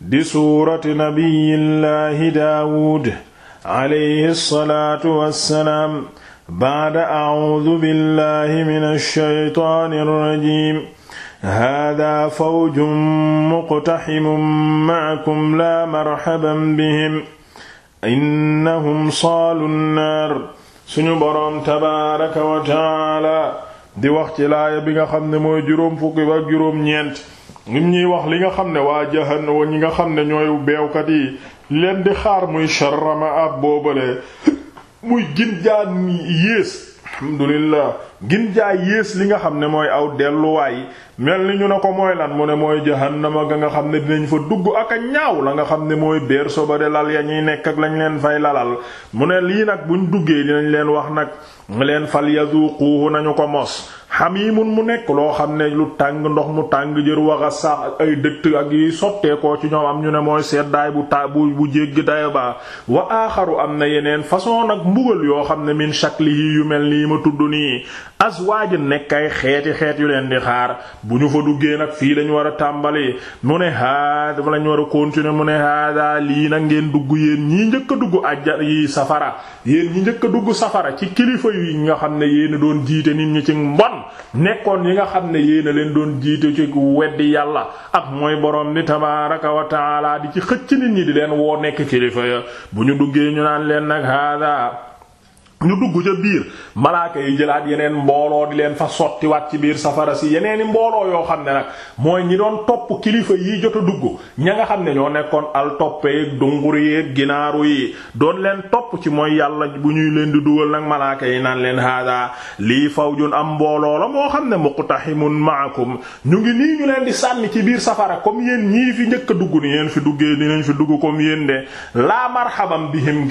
di suurati nabiyillaahi daawuud alayhi salaatu wassalaam ba'da a'uudu billaahi minash shaytaanir rajiim haadaa fawjun muqtaximun ma'akum laa marhaban bihim innahum saalu nnaar suñu boroom tabaaraka wa taala di wax ci laaya bi nga xam ne mooy juróom fukki ba juróom ñeent lim ñuy wax li nga xam ne waa jahannama ñi nga xam ne ñooy beewkat yi leen di xaar muy sharrama ab boobale muy gin jaan yées alhamdulillah gin yées li nga xam ne mooy aw delluwaay mel ni ñu ne ko mooy lan mu ne mooy jahannama ga nga xam ne dinañ fa dugg ak a ñaaw la nga xam ne mooy beer soba de lal ya ñuy nekk ak lañ leen fay lalal mu ne lii nag buñ duggee dinañ leen wax nag leen fal yazuquhu nañu ko mos xam yi mun mu nekk loo xam ne lu tàng ndox mu tàng jër waxa sax ak ay dëkk ak yi sotteekoo ci ñoom am ñu ne mooy seddaay bu ta bu bu jégg ba wa aaxaru am na yeneen façon nag mbugal yoo xam ne min shaklihi yu mel nii ma tudd nii ji nekk ay xeeti xeet yu leen di xaar bu ñu fa duggee nag fii lañu war a tàmbali mu ne haa dafa lañu war a continuer mu ne daal lii nag ngeen dugg yéen ñii njëkk a dugg ajjar yi safara yéen ñi njëkk a dugg safara ci kilifa yi nga xam ne yéen a doon jiite nit ñi ci mbon nekkoon yi nga xam ne yéen a leen doon jiite ci weddi yàlla ak mooy borom ni tabaaraka wa taala di ci xëcc nit ñi di leen woo nekk kilifa ya bu ñu duggee ñu naan leen nag hada ñu dugg ca biir malaaka yi jëlaat yeneen mbooloo di leen fa sottiwaat ci biir safara si yeneeni mbooloo yoo xam ne nag mooy ñi doon topp kilifa yi jot a dugg ña nga xam ne ñoo nekkoon al toppe yeeg dungur yeeg ginaaru yi doon leen topp ci mooy yàlla bu ñuy leen di dugal nag malaaka yi naan leen haada lii fawjun am mbooloo la moo xam ne tax muqtahimun maakum ñu ngi nii ñu leen di sànni ci biir safara comme yéen ñii fi njëkk a dugg ni yéen fi duggee dinañ fi dugg comme yéen de la marhaban bihim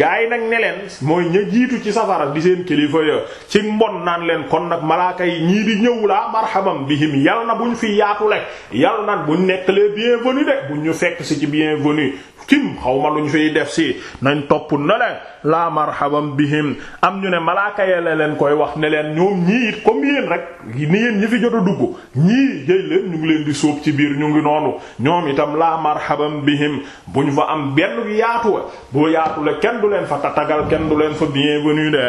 saral di seen kilifa ya ci mbon naan leen kon nag malaaka yi ñii di ñëw laa marhaban bihim yal na bu ñu fi yaatu yaatule yal bu ñu nekk les bienvenus de bu ñu fekk si ci bienvenus kim xaw ma lu ñu fiy def si nañ topp na leen laa marhaban bihim am ñu ne malaaka ya leen koy wax ne leen ñoom ñii ko comme yéen rek ni yéen ñi fi jot a dugg ñii jëy leen ñu ngi leen di sóob ci biir ñu ngi noonu ñoom itam laa marhaban bihim bu ñu fa am benn yaatu boo yaatu la kenn du leen fa tatagal kenn du leen fa bienvenu de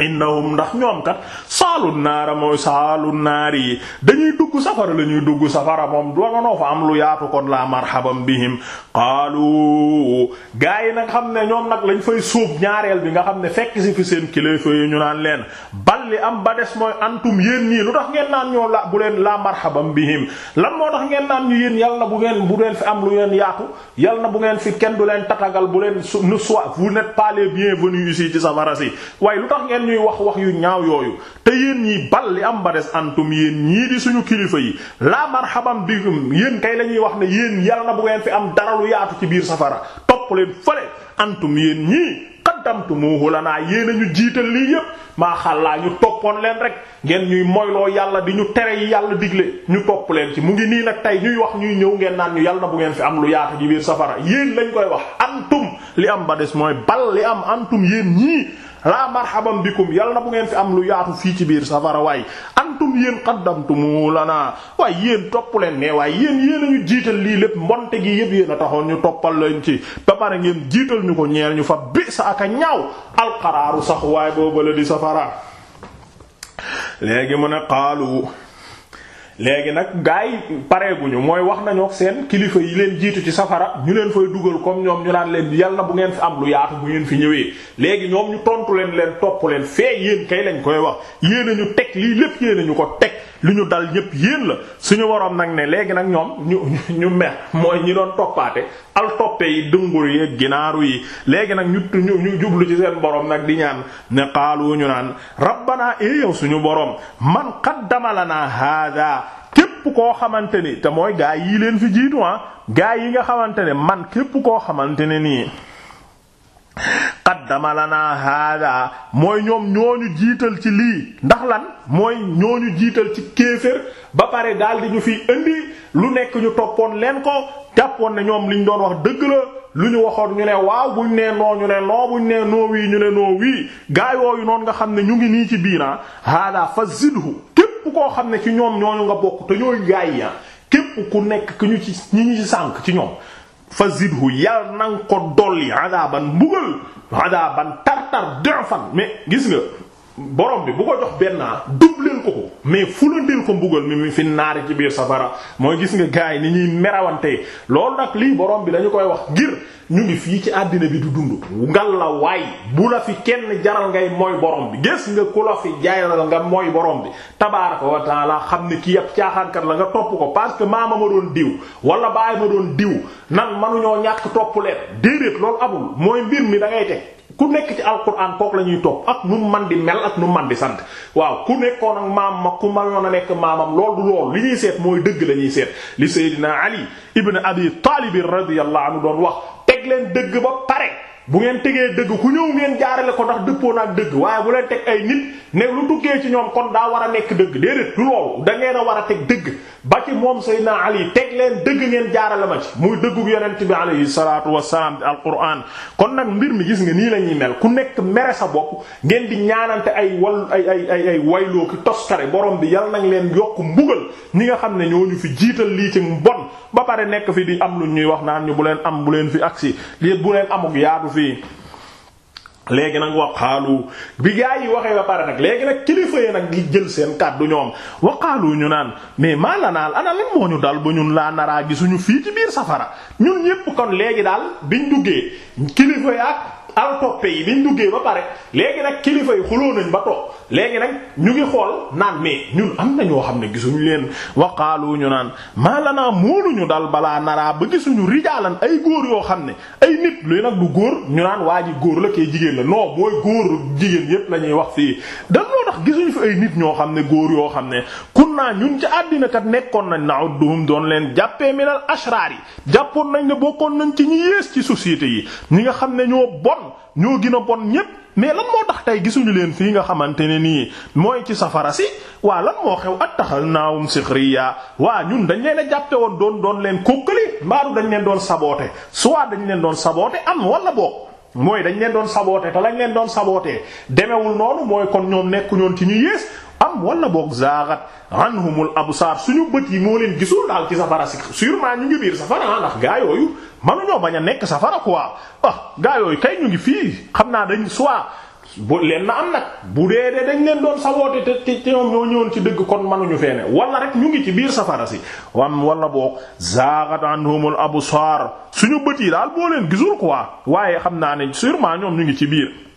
innahum ndax ñoom kat saalu naara mooy saalu naar yi dañuy dugg safara la ñuy dugg safara moom doonoo fa am lu yaatu kon la marhaban bihim qaalu gars yi nag xam ne ñoom nag lañ fay suuf ñaareel bi nga xam ne fekk si fi seen kilifa yi ñu naan leen bal li am ba des mooy antum yéen ñii lu tax ngeen naan ñoo la bu leen la marhaban bihim lan moo tax ngeen naan ñu yéen yal na bu ngeen bu leen fi am lu ngeen yaatu yal na bu ngeen fi kenn du leen tatagal bu leen ne soit vous n'êtes pas les bienvenus ici ci safara si waaye lu tax leen ñuy wax wax yu ñaaw yooyu te yéen ñii bal li am ba des antum yéen ñii di suñu kilifa yi la marhaban bikum yéen kay la ñuy wax ne yéen yàlla na bu ngeen fi am dara lu yaatu ci biir safara topp leen fële antum yéen ñii qaddamtumuhu lanaa yéen a ñu jiital lii yépp ñu toppoon leen rek ngeen ñuy moyloo yàlla di ñu tere yàlla digle ñu topp leen ci mu nii nag tey ñuy wax ñuy ñëw ngeen naan yàlla na bu ngeen fi am lu yaatu ci biir safara yéen lañ koy wax antum li am ba des mooy bal li am antum yéen ñii laa marhaban bikum yal na bu ngeen fi am lu yaatu fii ci biir safara waay antum yéen qaddamtumu lana waaye yéen topp leen mais waaye yéen yéen ñu jiital lii lépp mbonte gi yépp yéen taxoon ñu toppal leen ci ba pare ngeen jiital ñu ko ñeel ñu fa bi sa aka ñaaw alqaraaru sax waay boobu la di safara léegi mu ne qaalu léegi nag gars yi pareeguñu mooy wax nañu ak seen kilifa yi leen jiitu ci safara ñu leen fay dugal comme ñoom ñu naan leen yal na bu ngeen fi am lu yaatu bu ngeen fi ñëwee léegi ñoom ñu tontu leen leen topp leen fee yéen kay lañ koy wax yéen a ñu teg lii lépp yéen a ñu ko li ñu dal ñépp yéen la suñu waroon nag ne léegi nag ñoom ñu ñu mer mooy ñi doon toppaate al toppe yi dungur yi ginaaru yi léegi nag ñu ñu jublu ci seen boroom nag di ñaan ne xaalu ñu naan rabbanaa e eh suñu boroom man qaddama na hada képp koo xamante ni te mooy gaa yii leen fi jiitu ah gaa yi nga xamante ne man képp koo xamante ne nii xatama lanaa hada mooy ñoom ñooñu jiital ci lii ndax lan mooy ñooñu jiital ci kéefër ba pare daal di ñu fiy indi lu nekk ñu toppoon leen ko jàppoon na ñoom li liñ doon wax dëgg la lu ñu waxoon ñu ne waaw buñ nee noo ñu ne noo buñ nee noo wii ñu ne noo wii gaa yooyu noonu nga xam ne ñu ngi nii ci biira ah hada fa zidhu képp koo xam ne ci ñoom ñooñu nga bokk te ñooy gaay ya képp ku nekk ku ñu ci ñi ñu ci sànk ci ñoom fa zidhu yàlla na nga ko dolli adaban mbugal adaban tartar dofan mais gis nga borom bi bu ko jox benn dubleel ko ko mais fulandeel ko mbugal mi mi fi naari ci biir safara mooy gis nga gaay ni ñuy merawantee lool nag lii borom bi dañu koy wax ngir ñu ngi fii ci àddina bi du dund ngal la waaye bu la fi kenn jaral ngay mooy borom bi gis nga ku fi jaaral nga mooy borom bi tabaaraka wa taala xam ni kii yëpp caaxaankat la nga topp ko parce que maama ma doon diw wala baay ma doon diw nan manuñoo ñàkk topp leen déedéet loolu amul mooy mbir mi da ngay teg ku nekk ci alquran kook la ñuy topp ak nu man di mel ak nu man di sant waaw ku nekkoon ak maam ma ku mënoon a nekk maamam lool du lool li ñuy seet mooy dëgg la ñuy seet li Seydina Ali ibn Abi Taalib radiyallahu anhu doon wax teg leen dëgg ba pare bu ngeen tegee dëgg ku ñëw ngeen jaarale ko ndax dëppoo na dëgg waaye bu leen teg ay nit ne lu duggee ci ñoom kon daa war a nekk dëgg déedéet du loolu da ngeen a war a teg dëgg ba ci moom Seydina yi teg leen dëgg ngeen jaarale ma ci muy dëggu yonent bi alayhi salaatu wassalaam di alquran kon nag mbir mi gis nga nii la ñuy mel ku nekk mere sa bopp ngeen di ñaanante ay wal ay ay ay ay wayloo ki toskare borom bi yal nañ leen yokk mbugal ñi nga xam ne ñooñu fi jiital lii ci mbon ba pare nekk fi di am lu ñuy wax naan ñu bu leen am bu leen fi agsi bu leen amuk yaadu fii léegi nag waqaalu bi gaa yi waxee ba pare nag léegi nag kilifa yi nag di jël seen kàddu ñoom waqaalu ñu naan mais maa la naal ana lan moo ñu dal ba ñun laa naraa gisuñu fii ci biir safara ñun ñépp kon léegi daal biñ duggee kilifa yi ak altoppe yi biñ duggee ba pare léegi nag kilifa yi xuloo nañ ba toog léegi nag ñu ngi xool naan mais ñun am na ñoo xam ne gisuñu leen waqaalu ñu naan naa maalanaa ñu dal balaa naraa ba gisuñu rijaalan ay góor yoo xam ne ay nit luy nag du góor ñu naan waa ji góor la kee jigéen la noo booy góor jigéen yépp lañuy wax fii dan loo tax gisuñu fi ay nit ñoo xam ne góor yoo xam ne kun naa ñun ci àddina kat nekkoon nañ na na'udduhum doon leen jàppee minal ashraar yi jàppoon nañ ne bokkoon nañ ci ñi yées ci société yi ñi nga xam ne ñoo bon ñoo gën a bon ñépp mais lan moo tax tey gisuñu leen fii nga xamante ne nii mooy ci safara si waa lan moo xew attaxal naawum sikhriya waa ñun dañu leen a jàppe woon doon doon leen kókkali mbaaru dañ leen doon saboote soit dañ leen doon saboote am wala boog mooy dañu leen doon saboote te lañ leen doon sabootee demewul noonu mooy kon ñoom nekku nekkuñoon ci ñu yées am wala boog zaaxat anhumul absaar suñu bët yi moo leen gisul daal ci safara si sûrement ñu ngi biir safara ah ndax gaa yooyu mënuñoo bañ a nekk safara quoi ah gaa yooyu kay ñu ngi fii xam naa dañ soit bu leen na am nag bu dee dee dañ leen doon saboote te te ñoom ñoo ñëwoon ci dëgg kon mënuñu ñu ne wala rek ñu ngi ci biir safara si wam wala boog zaaxat anhumul absaar suñu bët yi daal moo leen gisul quoi waaye xam naa ne sûrement ñoom ngi ci biir.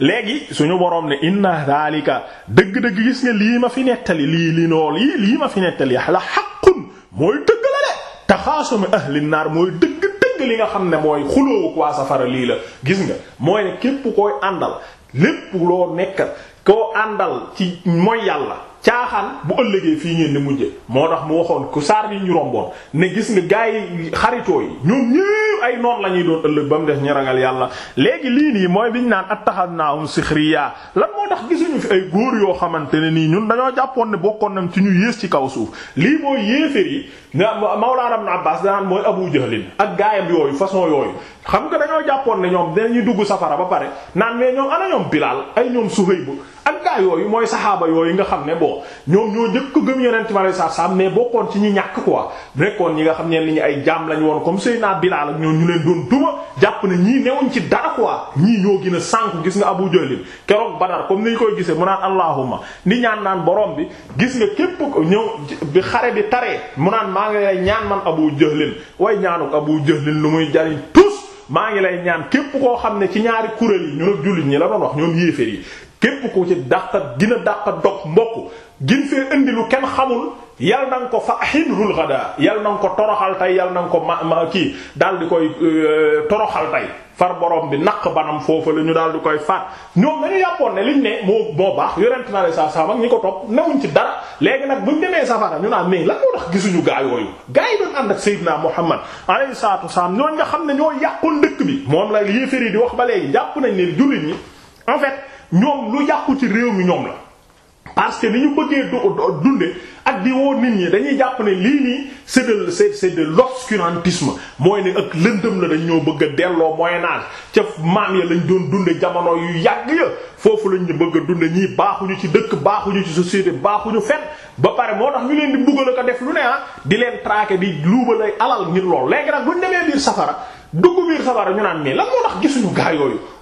léegi suñu boroom ne inna daalika dëgg-dëgg gis nga lii ma fi nettali lii li nool yi lii ma fi nettali la xaqun mooy dëgg la de taxaasumi ahli naar mooy dëgg-dëgg li nga xam ne mooy xulóowu waa safara lii la gis nga mooy ne képp koy àndal lépp loo nekk koo àndal ci mooy yàlla caaxaan bu ëllëgee fii ngeen ni mujje moo tax mu waxoon ku saar yi ñu romboon ne gis nga gaa yi xaritoo yi ñoom ay noon la ñuy doon ëllëg ba mu def ñu ragal yàlla léegi lii nii mooy biñ naan attaxadnaahum sixriya lan moo tax gisuñu fi ay góor yoo xamante ne nii ñun dañoo jàppoon ne bokkoon nañ ci ñu yées ci kaw suuf lii mooy yéefér yi nga Mawlaana Ibn Abbaas danaan mooy Abu Jahlin ak gaayam yooyu façon yooyu xam nga dañoo jàppoon ne ñoom ñu dugg safara ba pare naan mais ñoom ana ñoom Bilaal ay ñoom Suhayb ak gaa yooyu mooy saxaaba yooyu nga xam ne bon ñoom ñoo njëkk gëm Yonent bi sallallahu alayhi wasallam mais bokkoon ci ñi ñàkk quoi nekkoon ñi nga xam ne li ñu ay jaam lañu woon comme Seydina Bilaal ak ñoom ñu leen doon duma jàpp ne ñii newuñ ci dara quoi ñii ñoo gën sànku gis nga Abu Jahl keroog Badar comme niñ koy gisee mu naan allahumma ni ñaan naan borom bi gis nga képp ko ñëw bi xare bi taree mu naan maa ngi lay ñaan man Abu Jahl way ñaanuk Abu Jahl lu muy jariñ maa ngi lay ñaan képp koo xam ne ci ñaari kuréel yi ñu ak jullit ñi la doon wax ñoom yéeféer yi képp ko ci dàq gina dàq dog mbokk gin fee indi kenn xamul yal na ko fa ahinhul ghadaa yal na ko toroxal tey yal na ko ma ma kii daal di koy euh, toroxal tey far borom bi naq banam foofu la ñu daal di koy faat ñoom dañu yàppoon ne liñ ne moo moo baax yorent na la sa saa mag ñi ko topp newuñ ci dara léegi nag bu ñu demee safara ñu naan mais lan moo tax gisuñu gaa yooyu gaa yi doon ànd ak Seydina Muhammad alayhi salaatu wasalaam ñooñ nga xam ne ñoo yàqoon ndëkk bi moom la yéeféri di wax ba léegi jàpp nañ ne jullit ñi en fait ñoom lu yàqu ci réew mi ñoom la parce que ni ñu bëggee dunde ak di woo nit ñi dañuy jàpp ne lii nii c'est de c'est c'est de l'obscurantisme mooy ne ak lëndëm la dañ ñoo bëgg a delloo Moyen Âge ca maam ya lañ doon dunde jamono yu yàgg ya foofu lañ ñu bëgg a dunde ñii baaxuñu ci dëkk baaxuñu ci société baaxuñu fet ba pare moo tax ñu leen di buggal ko def lu ne ah di leen traquer bi luubal ay alal ngir lool léegi nag buñ demee biir safara dugg biir safara ñu naan mais la moo tax gisuñu gaa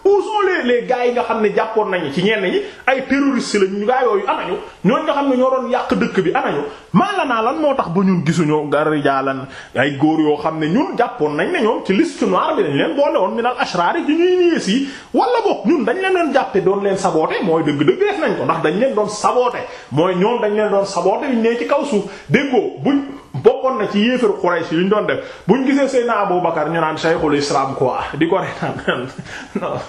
où sont les les gars yi nga xam ne jàppoon nañu ci ñenn ñi ay terroristes la ñu gaa yooyu anañu ñooñu nga xam ne ñoo doon yàq dëkk bi anañu maanaam naa lan moo tax ba ñun gisuñoo garijaalan ay góor yoo xam ne ñun jàppoon nañ ne ñoom ci liste noire bi dañ leen boole woon minal ashrar yi ñuy ñees si wala bokk ñun dañ leen doon jàppe doon leen saboter mooy dëgg-dëgg def nañ ko ndax dañ leen doon saboter mooy ñoom dañ leen doon saboter ñu nee ci kaw suuf déggoo buñ bokkoon na ci yéefar Quraysh yi ñu doon def buñ gisee Seydina Abubakar ñu naan Shaykhul Islam quoi di ko reetaan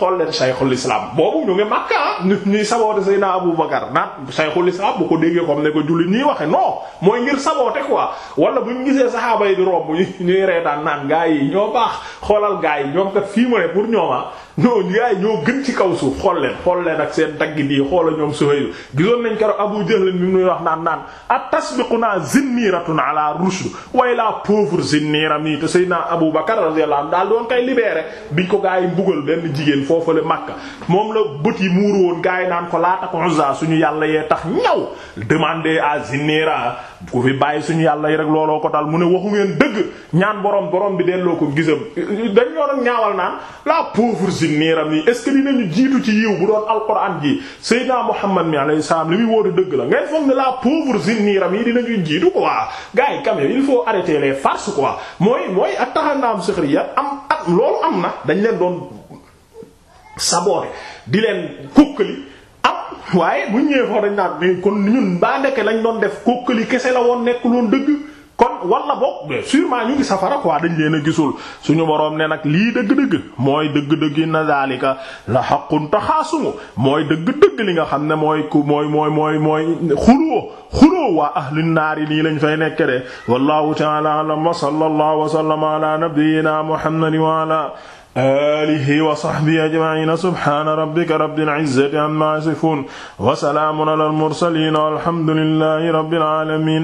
xool leen sayxul islam boobu ñu ngi Makka ñu ñuy saboote Seydina Abu Bakar naan sayxul islam bu ko déggee comme ne ko julli ñuy waxe non mooy ngir saboote quoi wala bu ñu gisee saxaaba yi di romb ñuy reetaan naan gaa yi ñoo baax xoolal gaa yi ñoom kat fii mu pour ñooma ah. ñoo gaa yi ñoo gën ci kaw suuf xool leen xool leen ak seen taggi dii xoola ñoom Suhayl gisoon nañ keroog Abu Jahl bi muy wax naan naan atasbiquna zinniratun ala rushd way la pauvre zinnira mi te Seydina Abu Bakar radiyallahu anhu daal doon koy libéré biñ ko gaa yi mbugal benn jigéen foofale Makka moom la bët yi muur woon gars yi naan ko laata ko Uzza suñu yàlla yee tax ñaw demande à Zinera ku fi bàyyi suñu yàlla yi rek looloo ko dal mu ne waxu ngeen dëgg ñaan borom borom bi delloo ko gisam dañ ñoo ñaawal naan la pauvre Zinera yi est-ce que dinañu jiitu ci yiw bu doon alquran ji Seydina Muhammad mi alayhi salaam li muy woote dëgg la ngay foog ne la pauvre Zinera mi dinañu jiitu quoi gars yi quand même il faut arrêter les farces quoi mooy mooy ak taxanaam sixriya am am loolu am na dañ leen doon saboté di leen kukkali am ah, waaye bu ñëwee foofu dañ naan mais kon ñun baa ndeke lañ doon def kukkali kese la woon nekk woon dëgg kon wala boog sûrement ñu ngi safara quoi dañ leen a gisul suñu boroom ne nag lii dëgg-dëgg mooy dëgg-dëgg na zaalika la xaqun taxaasumu mooy dëgg-dëgg li nga xam ne mooy ku mooy mooy mooy mooy xuloo xuloo waa ahli naari nii lañ fay nekk de wallahu ta'ala wa sallallahu wa sallama ala nabiyyina wa ala alihi wa sahbihi ajma'ina subhana rabbika rabbil izzati amma yasifun wa salaamun alal mursaliin walhamdulillahi rabbil alamin